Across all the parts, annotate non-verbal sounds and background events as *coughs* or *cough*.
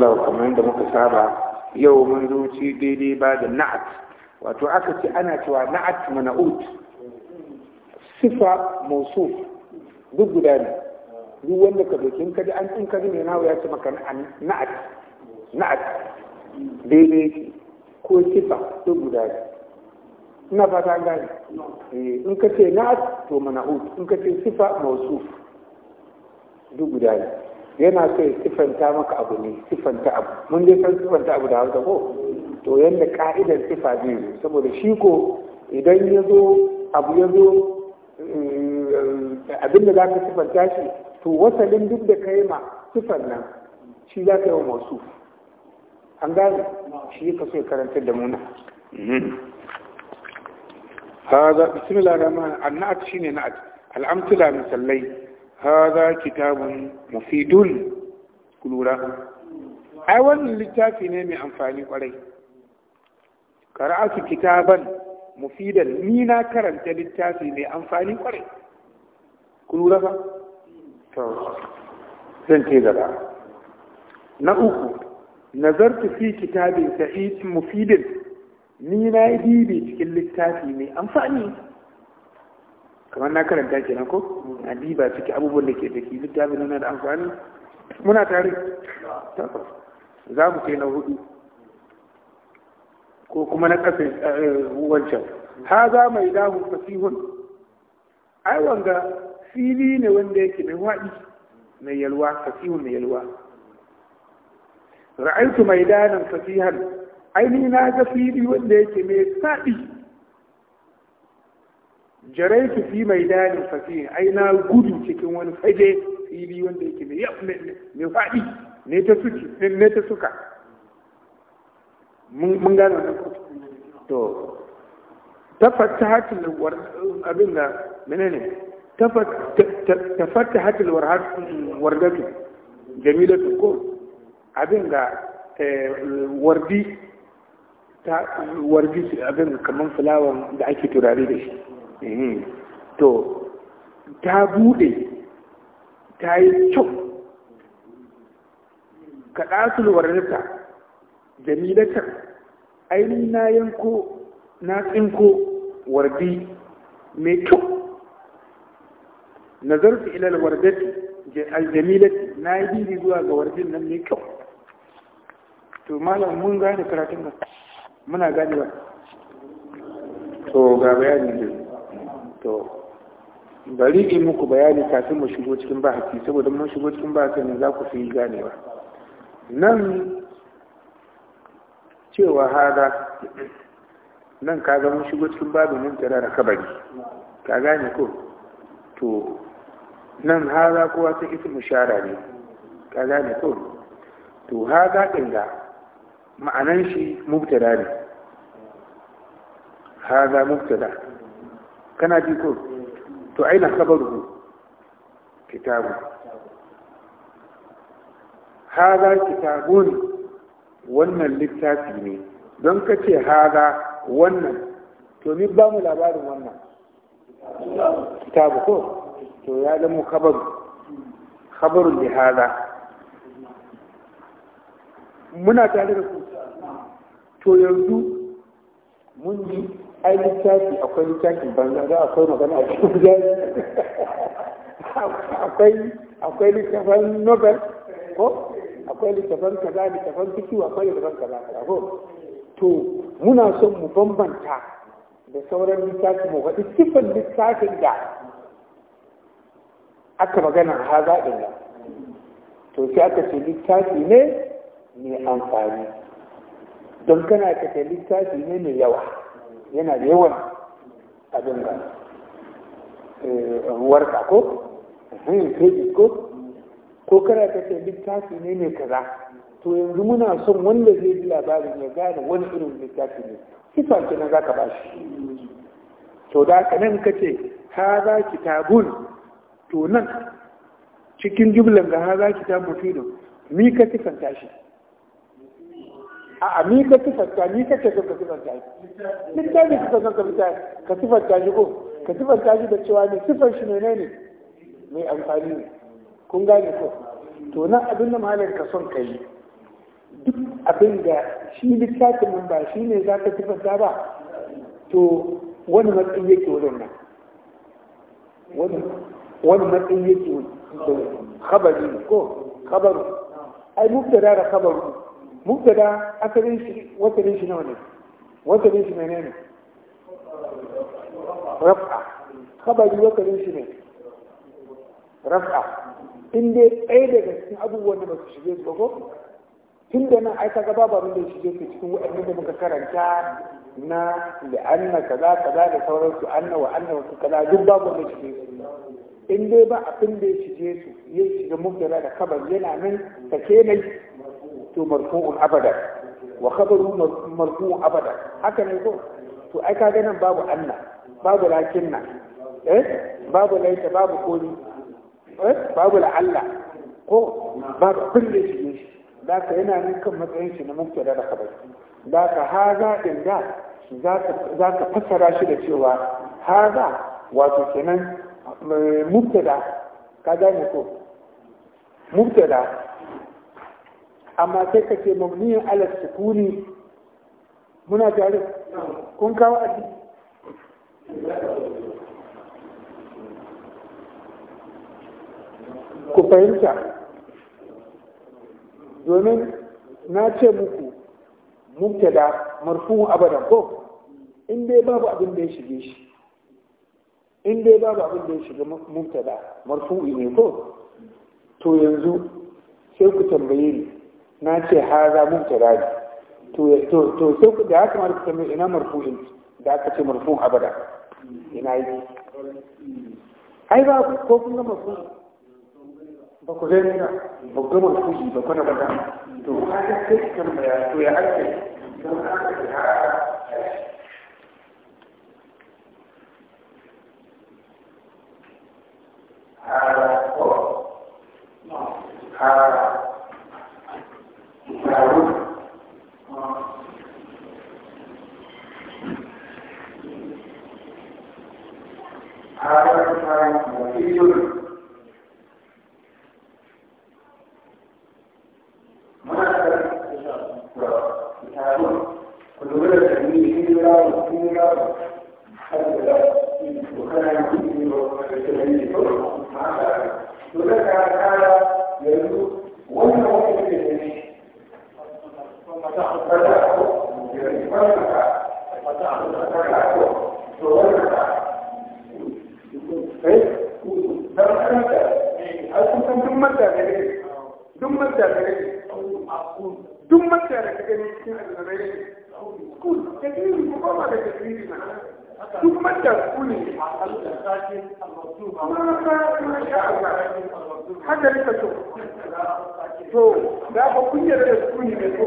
Allah kamar yadda muka saba yau mun ci daidai ba da na'at wato aka ce ana cewa na'at mana'ut sifa musu duk guda ne duk wanda ka dokin kaji an tsin ka ne na ya ce maka na'at na'at daidai ko sifa duk guda ne ina ta gani eh, in ka ce na'at to mana'ut in ka ce sifa musu duk guda ne yana so ya sifanta maka abu ne sifanta abu mun dai san sifanta abu da haka ko to yadda ka'idar sifa zai zo saboda shi ko idan ya zo abu ya zo eh, abin da za ka sifanta shi to wasalin duk da ka yi ma sifan nan shi za ka yi wa masu an gane shi ka so ya karantar da muna هذا بسم الله الرحمن الرحيم النعت شيني نعت الأمثلة لي haza kitabun mufidun kulura ai wannan littafi ne mai amfani kwarai qara'atu kitaban mufidan ni na karanta littafi mai amfani kwarai kulura ba to zan ce gaba na uku nazartu fi kitabin sa'id mufidin ni na yi bibi cikin littafi mai amfani kamar na karanta kenan ko na diba ciki abubuwan da ke da ke littafin nuna da amfani muna tare za mu kai na hudu ko kuma na kasa eh, wancan ha za mai damu fasihun ai wanga fili ne wanda yake mai waɗi mai yalwa fasihun mai yalwa ra'aitu mai danin fasihan ainihin na ga fili wanda yake mai saɗi jaraitu fi mai dalin fasihin ai na gudu cikin wani fage fili wanda yake ne mai faɗi ne ta suki ne ta suka mun gano nan to tafattahat war abin da menene tafattahat alwarhat wardatu jamilatu ko abin da eh, wardi ta wardi abin kaman fulawan da ake turare da shi Eh, to ta bude ta yi cok ka ɗasu wararta jamilatar ainihin na yanko na tsinko wardi mai kyau su ilal wardati aljamilati na yi bibi zuwa ga wardin nan mai kyau to malam mun gane karatun ba muna gane ba to ga bayanin jirgin to bari in muku bayani kafin mu shigo cikin bahasi saboda mun shigo cikin bahasi ne za ku fi ganewa nan cewa hada nan ka ga mun shigo cikin babin nan tara da kabari ka gane ko to nan hada kowa ta ita mushara ne ka gane ko to hada din da, ma'anan shi mubtada ne hada mubtada kana ji ko to aina kabaru kitabu hada kitabun wannan littafi ne don ka ce hada wannan to ni ba mu labarin wannan kitabu ko to ya zama kabaru khabarun da hada muna tare da ku to yanzu mun yi ai littafi akwai littafin banza za akwai magana a cikin jari akwai akwai littafin nobel ko akwai littafin kaza littafin fiki akwai littafin kaza kaza ko to muna son mu bambanta da sauran littafi mu faɗi sifan littafin da aka magana haza ɗin nan to sai aka ce littafi ne mai amfani don kana ka littafi ne mai yawa yana da yawan abin da ruwar eh, ka ko hanyar kai ko ko kara ta ce littafi ne ne kaza to yanzu muna son wanda zai ji labarin ya gane wani irin littafi ne sifa ce na ka ba shi to da aka nan kace haza kitabun to nan cikin jumlan ga haza kitabun fidon ni ka sifanta shi a'a ni ka sifanta ni ka ce ka sifanta shi littafi ka san ka ka sifanta shi ko ka sifanta shi da cewa ne sifar shi menene mai amfani ne kun gane ko to nan abin da malam ka son ka yi duk abin da shi littafin nan ba shi ne za ka sifanta ba to wani matsayi yake wurin nan wani matsayi yake wurin khabari ko khabaru ai mubtada da khabaru mubtada asalin shi wasalin shi nawa ne wasalin shi ne raf'a khabari wasalin shi ne raf'a in dai ɗaya daga cikin abubuwan da ba su shige su ba ko tun da nan aika gaba ba mun da shige su cikin waɗannan da muka karanta na li'anna kaza kaza da sauransu anna wa anna wa kaza duk babu wanda shige su in dai ba abin da ya shige su ya shiga mubtada da kabari yana nan sake mai to marfu'un abada wa khabaru marfu'un abada haka ne ko to ai ka ga nan babu Allah babu nan eh babu laita babu koli eh babu la Allah, ko babu kulle shi da ka yana nan kan matsayin shi na mutum da bai da ka haza din da za ka fassara shi da cewa haza wato kenan eh, da ka gane ko mubtada amma sai ka ce mamniyin ala sukuni muna tare kun kawo addi ku fahimta domin na ce muku da marfu abadan ko in dai babu abin da ya shige shi in dai babu abin da ya shiga da marfu ne ko to yanzu sai ku tambaye ni na ce haza mubtada ne to to to sai ku da ya kamata ku tambaye ina marfu'in da aka ce marfu'un abada ina yi ai ba ku, ko kun ga marfu'in ba ku gani ba ku ga marfu'in ba kuna ba to kaga sai tambaya to ya ake don haka ya هذا هو هذا وذكر تعالى يقول وانه duk mata da ka gani cikin alzabai ne school da kiri ko ba da kiri ne duk mata school ne ma ka kuma sha Allah haka ne ka so to da ba kunyar da school ne ko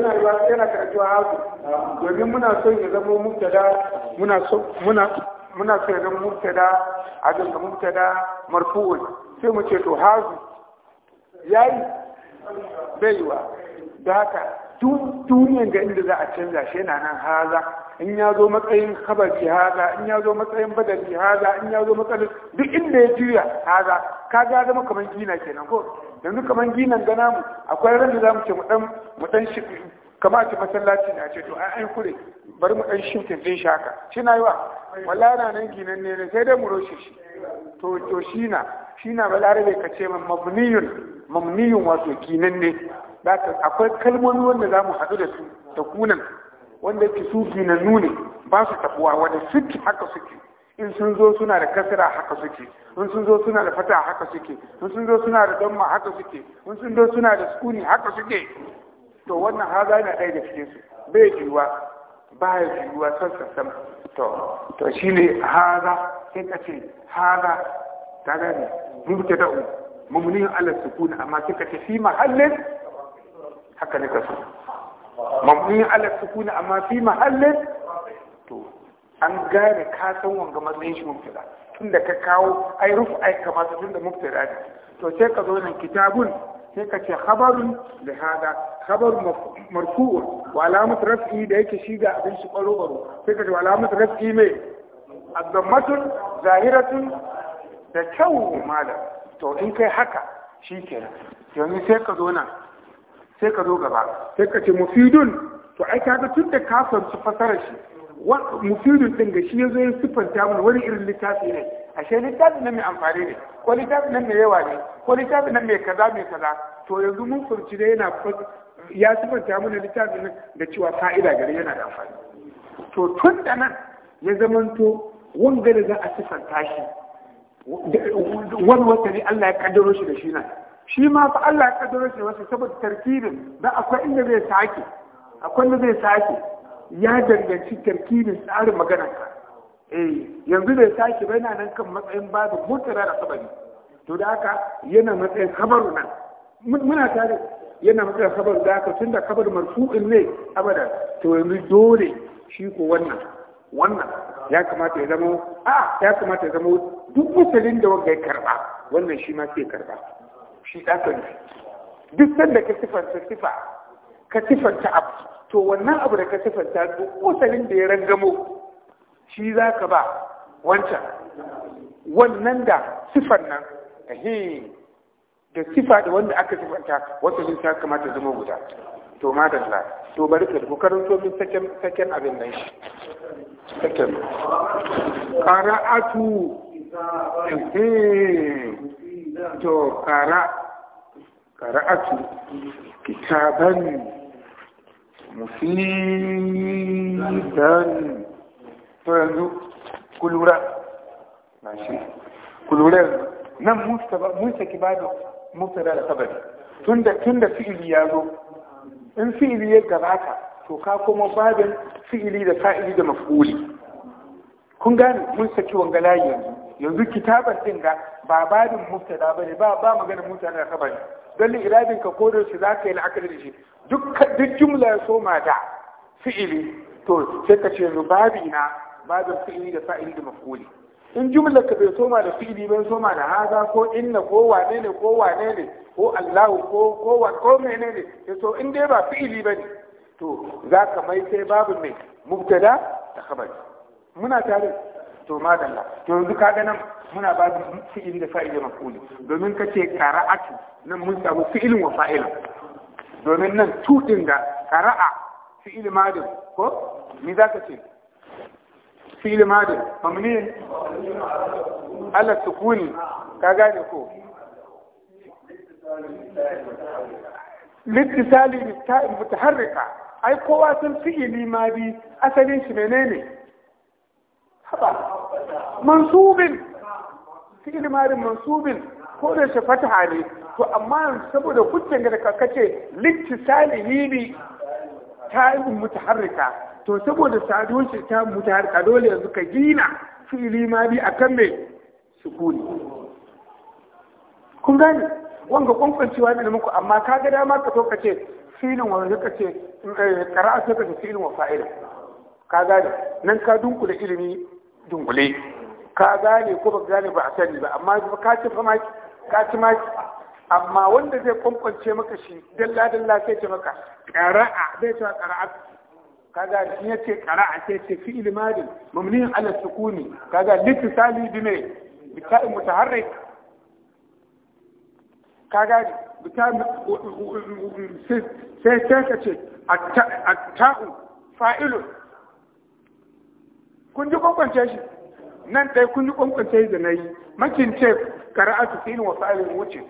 yana yana karatuwa hagu domin muna son ya zama mubtada muna muna so idan mubtada abin da mubtada marfu'u sai mu ce to hazu yayi baiwa da haka duniyan ga inda za a canza shi yana nan haza in ya zo matsayin ki haza in ya zo matsayin ki haza in ya zo matsayin duk inda ya juya haza ka ga zama kamar gina kenan ko yanzu kamar ginan ga namu akwai ran da za mu ce mu dan mu dan kama ta masallaci na ce to ai ai kure bari mu dan shiftin din shaka shi na yi wa wallahi na nan ginan ne sai dai mu roshe shi to to shi na shi na balarabe ka ce min mabniyun mabniyun wato ginan ne ka akwai kalmomi wanda za mu haɗu da su da kunan wanda ke su ginan ne ba su tabuwa wanda suke haka suke in sun zo suna da kasira haka suke in sun zo suna da fata haka suke in sun zo suna da damma haka suke in sun zo suna da sukuni haka suke to wannan haza yana ɗaya da cikin su bai juyuwa ba ya juyuwa sassa sama to to shine haza sai ka ce haza ta gane mubtada'u mumnihin ala sukun amma sai ka ce fi mahallin haka ne ka so mumnihin ala sukun amma fi mahallin to an gane ka san wanga matsayin shi mubtada tunda ka kawo ai rufu ai kamata tunda mubtada ne to sai ka zo nan kitabun sai ka ce khabarun da hada khabar marfu'un wa alamat raf'i da yake shi ga abin shi baro baro sai ka ce alamat raf'i mai azammatun zahiratun da kyau malam to in kai haka shi kenan yanzu sai ka zo nan sai ka zo gaba sai ka ce mufidun to ai kaga tun da ka fanci fasarar shi mufidun din ga shi yazo ya sifanta mana wani irin littafi ne ashe littafin nan mai amfani ne ko littafin nan mai yawa ne ko littafin nan mai kaza mai kaza to yanzu mun furci da yana ya sifanta mana littafin nan da cewa fa'ida gari yana da amfani to tun da nan ya zamanto wanga da za a sifanta shi wani wata ne Allah ya kaddaro shi da shi nan shi ma fa Allah ya kaddaro shi wasu saboda tarkibin da akwai inda zai sake akwai inda zai sake ya danganci tarkibin tsarin maganarka eh yanzu bai sake ba yana nan kan matsayin babu mutara da ne. to da haka yana matsayin kabaru nan muna tare yana matsayin kabaru da haka tunda kabar marfu'in ne abada to yanzu dole shi ko wannan wannan ya kamata ya zama a ya kamata ya zama duk musulun da wanda ya karba wannan shi ma sai karba shi ɗaka ne duk sanda ka sifanta sifa ka sifanta abu to wannan abu da ka sifanta duk musulun da ya rangamo shi za ka ba wancan wannan da sifar nan ehe da sifa da wanda aka sifanta wata sun ta kamata zama guda to ma da la to bari ka ku karanto min saken saken abin nan shi saken qara'atu ehe to qara qara'atu kitaban mufidan to yanzu ku lura na shi ku lura yanzu nan mun saki babu mubtada da kabari, tunda tunda fi'ili ya zo in fi'ili ya gabata to ka kuma babin fi'ili da fa'ili da maf'uli kun gane mun saki wanga layi yanzu yanzu kitabar din ga ba babin da bane ba ba magana mubtada da kabari, don iradin ka ko da shi za ka yi la'akari da shi duk jumla ya soma da fi'ili to sai ka ce yanzu babina. babin fi'ili da fa'ili da maf'uli in jumlar ka bai soma da fi'ili bai soma da haza ko inna ko wane ne ko wane ne ko allahu ko ko wa ko menene ne to in dai ba fi'ili bane to za ka mai sai babu mai mubtada da khabari muna tare to madalla to yanzu ka ga nan muna ba da fi'ili da fa'ili maf'uli domin kace qara'atu nan mun samu fi'ilin wa fa'ila domin nan tudin ga qara'a fi'il madu ko ni zaka ce fi'il madi mamni ala sukuni ka gane ko littisali litta'in mutaharrika ai kowa sun fi fi'ili madi asalin shi menene haba mansubin fi'il madi mansubin ko da shi fataha ne to amma saboda hujjan da kakace littisali ne ta'in mutaharrika to saboda saduwar shi ta mutu harka dole yanzu ka gina fili ma bi akan mai sukuni kun gane wanga kwankwancewa ne muku amma ka ga dama ka to ka ce filin wa ka ce kara eh, sai ka ce filin wa fa'ila ka gane nan ka dunkule ilimi dunkule ka gane ko ba gane ba a sani ba amma ka ci fa maki ka ci maki amma wanda zai kwankwance maka shi dalla dalla sai ce maka qara'a zai ce qara'a kaga in yace qara'a sai ce fi'il madi mabni ala sukuni kaga litisali bi me bi ta'i mutaharrik kaga bi ta sai sai ka ce at-ta'u fa'ilun kun ji kwakwance shi nan ɗaya kun ji kwakwance da na yi makin ce ƙara'a su fi wa fa'ilin wuce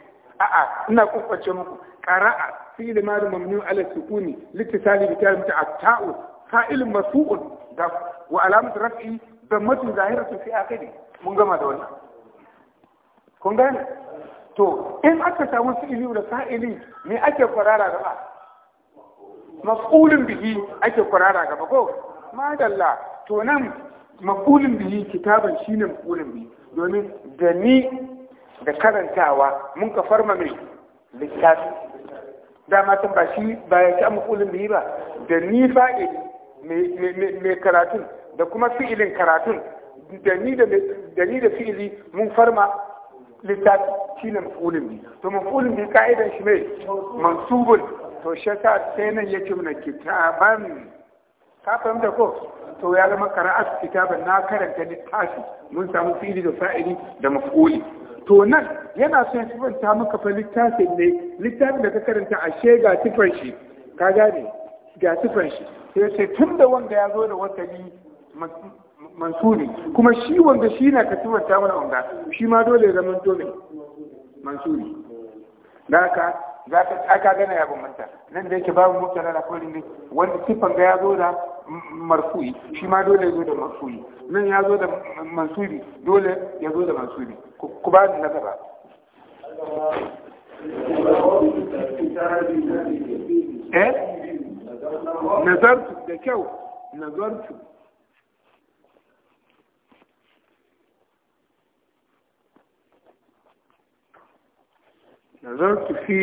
a'a ina kwakwance muku ƙara'a fi ilimarin mamnu ala sukuni littisali bi tarim fa'il masu'un da wa alamat raf'i da zahira su fi akai mun gama da wannan kun ga to in aka samu fi'ili da fa'ili me ake kwarara gaba maf'ulun bihi ake kwarara gaba ko madalla to nan maf'ulun bihi kitaban shine maf'ulun bihi domin da ni da karantawa mun ka farma mai littafi dama tun ba shi ba ya ci maf'ulun bihi ba da ni fa'ili mai karatun da kuma fi'ilin karatun da ni da fi'ili mun farma littafi shi ne mafulin bi to mafulin bi ka'idan shi mai mansubun to shi ta sai nan ya mana kitaban ka fahimta ko to ya zama qara'at kitaban na karanta littafi mun samu fi'ili da fa'ili da mafuli to nan yana son ta maka fa littafin ne littafin da ka karanta a shega tifar shi ka gane ga tufan shi sai ce tun da wanda ya zo da masu mansuri kuma shi wanda shi na ka sifanta mana wanda shi ma dole ya zama dole mansuri da haka za ka aka gana ya bambanta nan da yake babu mutala da kullum ne wanda sifan ga ya zo da marfuyi? shi ma dole ya zo da marfu'i nan ya zo da mansuri dole ya zo da mansuri ku ba da nazara eh nazartu da kyau nazartu nazartu fi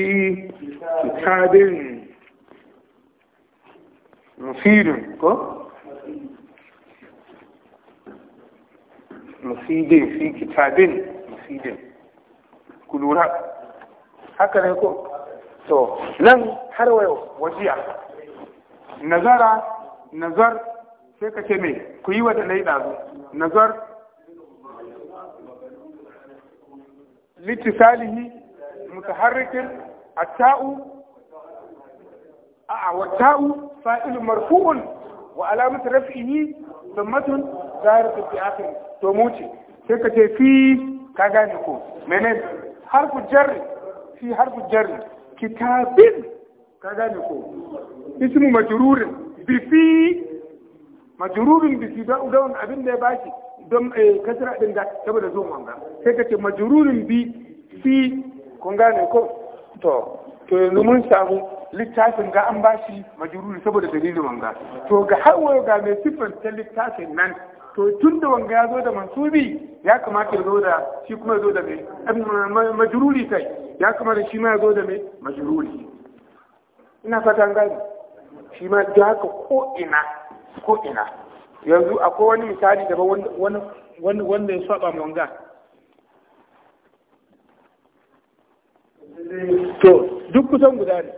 kitabin mufidin ko mufidin fi kitabin mufidin ku lura haka ne ko to nan har wayo wajiya nazara nazar sai ka ce me ku yi wata laida ɗazu nazar litisalihi mutaharrikin atta'u a'a ta'u fa'ilun marfu'un wa alamatu raf'ihi thammatun zahiratu fi akhir to muce sai ka ce fi ka gane ko menene harfu jarri fi harfu jarri kitabin ka gane ko ismu مجرور بفي مجرور بفي bi fi ابن abin da دم bashi don eh, kasra din da saboda zo manga sai ka ce majrurin bi fi تو gane ko to to littafin ga an bashi Majururi saboda dalilin wanga to ga har wayo ga mai siffanta littafin nan to tun da wanga ya zo da mansubi ya kamata ya zo da shi kuma ya zo da mai majruri kai ya kamata shi ma ya zo da mai majruri ina fata an shi ma da haka ko'ina, ko'ina. yanzu akwai wani misali daga wanda ya saba manga to duk kusan guda ne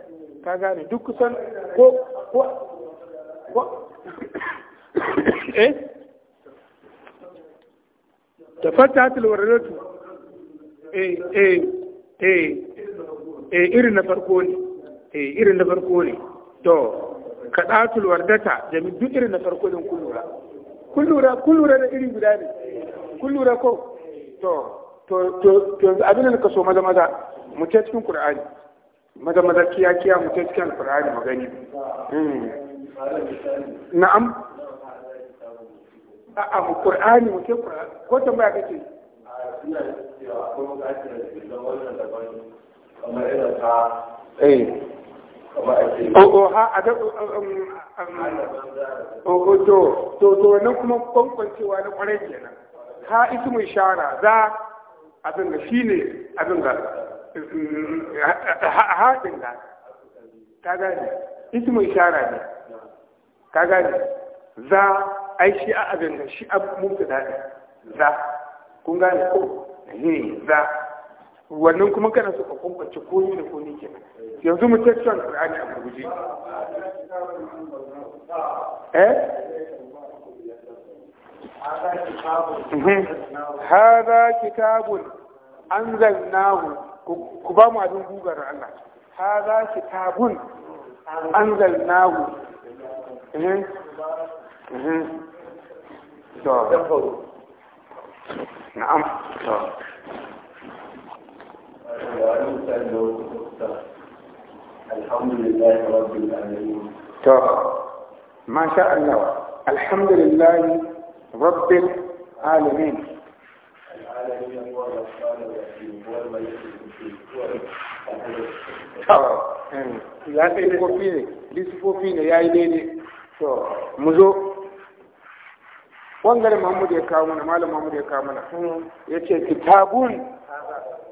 ka gane duk kusan ko ko ko *coughs* eh tafatta tilwaradatu eh eh eh eh irin na farko ne eh irin na farko ne to kaɗatul wardata jami duk irin na farko din kullura kullura kullura da iri guda ne kullura ko to to to, abin da ka so maza maza mu ce cikin qur'ani maza maza kiya kiya mu ce cikin qur'ani mu gani hmm. na'am a'a mu qur'ani mu ce qur'ani ko tambaya kake eh Oho, ha, a da, um, um, um, oho, to, to, to, na kuma kwankwancewa na kwarai kenan. Ha isi mai shara za a da shi ne abin da haɗin da. Ka gane, isi mai shara ne. Ka gane, za ai shi a abin da shi a mun fi daɗi. Za, kun gane ko? Ne, eh, za. wannan kuma kana so ka ko ne da ne kenan, yanzu mu cewa Qur'ani a gurguje eh mhm. hada kitabun anzalnahu ku ba mu abin gugar Allah hada kitabun anzalnahu eh eh to na'am to الحمد لله رب العالمين ما شاء الله ya sai yi daidai to mu zo wangare mahmud ya kawo mana malam mahmud ya kawo mana ya ce kitabun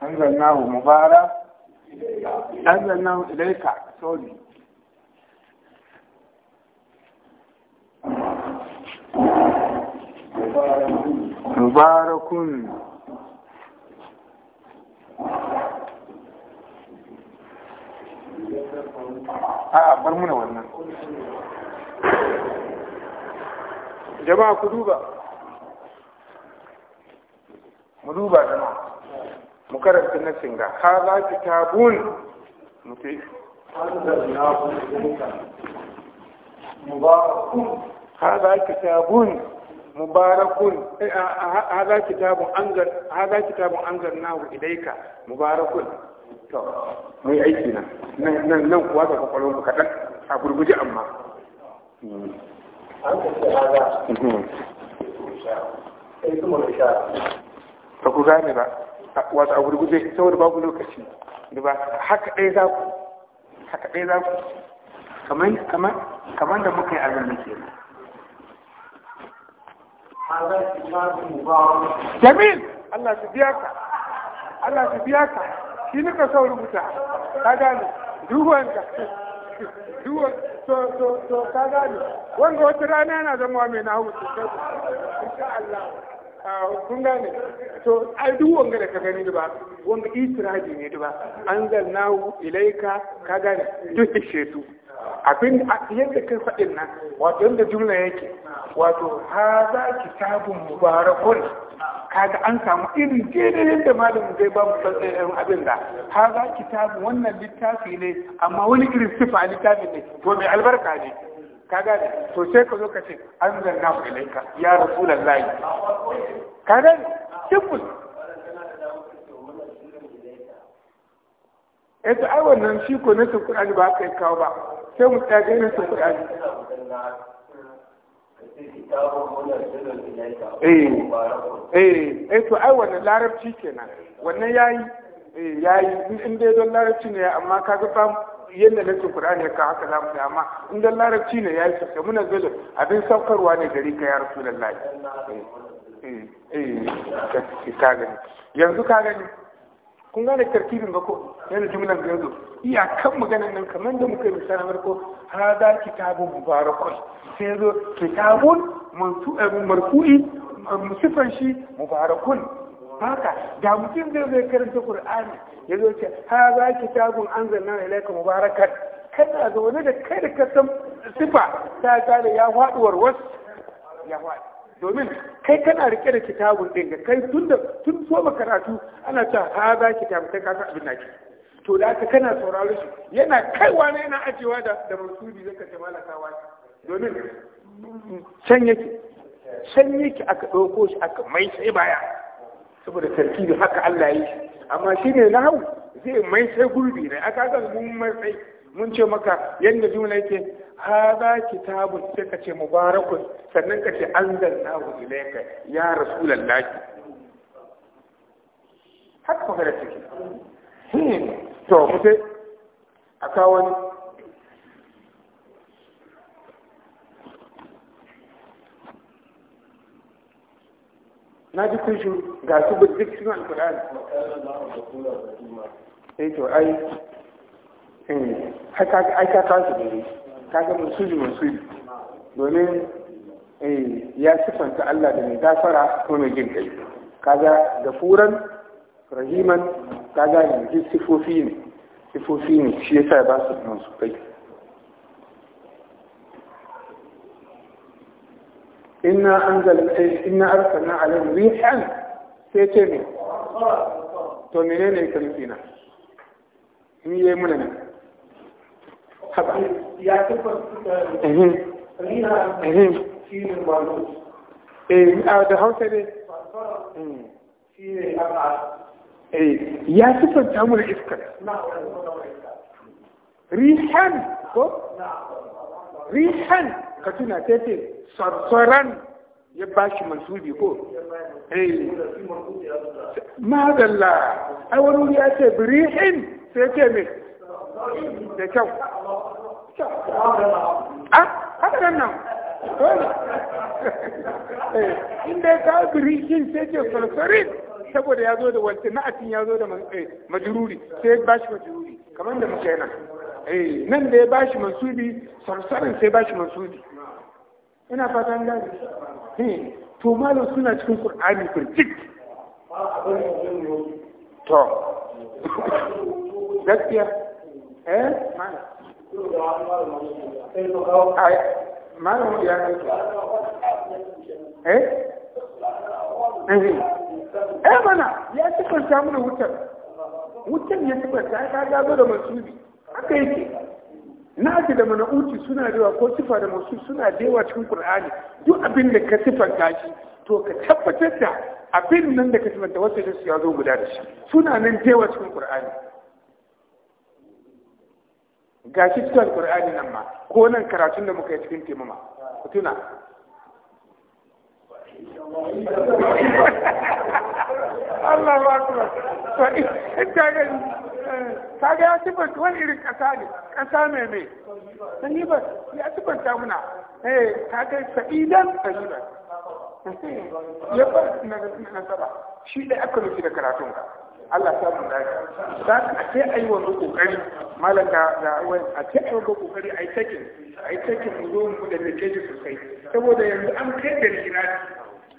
anzalnahu mubara anzalnahu ilayka sorry mubarakun a'a bar muna wannan jama'a ku duba mu duba mu karanta na singa haza kitabun mutai haza kitabun mubarakun eh, haza kitabun angar haza kitabun angar nahu ilaika mubarakun to mu yi aiki na nan nan kuwa da kwakwalwar ku kaɗan a gurguje amma an kusa haza mhm. ku gane ba wato a gurguje saboda babu lokaci da ba haka ɗaya za ku haka ɗaya za ku kamar kamar kamar da muka yi azumi ke Jamil Allah su biya ka Allah su biya ka shi nika sau rubuta ka gane ka duwan to to to ka gane wanga wata rana yana zama mai nahu sosai insha Allah kun gane to ai duk wanga da ka gani da ba wanga itiraji ne da ba an zannahu ilaika ka gane duk ishe su abin yadda kai faɗin nan wato yadda jumla yake wato ha za kitabun mubarakun kaga an samu irin daidai yadda malamin zai ba mu abin da ha za kitabun wannan littafi ne amma wani irin sifa littafin ne to mai albarka ne ka gane to sai ka zo ka ce an zanna mu ilaika ya layi. ka gane simple eh to ai wannan shi ko na Qur'ani ba kai kawo ba sai mu tsaya ganin su Qur'ani eh eh eh to ai wannan larabci kenan wannan yayi eh yayi in dai don larabci ne amma kaga fam yadda nake kuɗa ne ka haka zamu amma in dan larabci ne ya yi sosai muna zalin abin saukarwa ne gari ka ya rasu lallai. Eh, eh, eh, ka gani yanzu ka gani kun gane tartibin ba ko yanzu jumlan ga yanzu kan maganan nan kamar da muka yi misali farko hada kitabun mubarakun sai zo kitabun marfu'i sifan shi mubarakun haka da mutum zai zai karanta qur'ani ya zo ce ha za kitabun ilaika ilayka kada kana zaune da kai da kasan sifa ta kare ya faduwar wasu ya faɗi domin kai kana rike da kitabun ɗin ga kai tun da tun so karatu ana cewa ha za ki kai ka san abin naki to da haka kana sauraro shi yana kaiwa ne yana ajewa da da mansubi zaka ce malakawa domin can yake can yake aka ɗauko shi aka mai sai baya saboda tarkibi haka Allah yi amma shi ne na hau zai mai sai gurbi ne aka ga mun mai sai? mun ce maka yadda juna yake hada kitabun sai ka ce mubarakun sannan ka ce an anzalnahu ilayka ya lallaki haka da take hmm. to mutai a kawo na ji kun shi ga su ba duk suna alkur'ani sai eh to ai eh, haka ai ka kasu gare ka ga mun suji domin eh, ya sifanta Allah da mai gafara ko mai jin kai kaga da furan rahiman kaga yanzu sifofi ne sifofi ne shi yasa ba su nan su kai إنا أنزل إنا أرسلنا على الريح سيتمي تومينين يكلم فينا مي يمنن خبا يا كفر في المعروف ايه آه، ده هو سيدي إيه، ka tuna ta ce sarsaran ya ba shi mansubi ko eh. madalla a wani wuri ya ce birihin sai ce mai da kyau a ah, haka nan nan eh. eh. inda ya kawo birihin sai ce sarsarin saboda ya zo da wata na'atin ya zo da majururi sai ya ba shi majururi kamar da muka yana nan da ya ba shi mansubi sarsarin sai ba shi mansubi ina fatan gani to malam suna cikin qur'ani firtik to gaskiya eh malam ya ne eh? eh eh mana ya cikin samu wutar wutar ya cikin ta ga zo da masubi haka yake nafi da mana'uti suna da yawa ko sifa da masu suna da yawa cikin qur'ani duk abin da ka sifanta shi to ka tabbatar da abin nan da ka da wasu da su ya zo guda da shi suna nan da yawa cikin qur'ani ga shi cikin qur'ani nan ma ko nan karatun da muka yi cikin taimama ku tuna Allah ba ku ba. Eh, kaga ya sifanta wani irin ƙasa ne ƙasa mai mai sahibar ya sifanta muna eh kaga sa'idan sahibar ya ba na nasaba shi da aka nufi da karatun ka Allah ya samu dace za ka ce a yi wani kokari malam da ga a ce a yi wani kokari a yi takin a yi takin mu zo mu da ke sosai saboda yanzu an kai da rigirati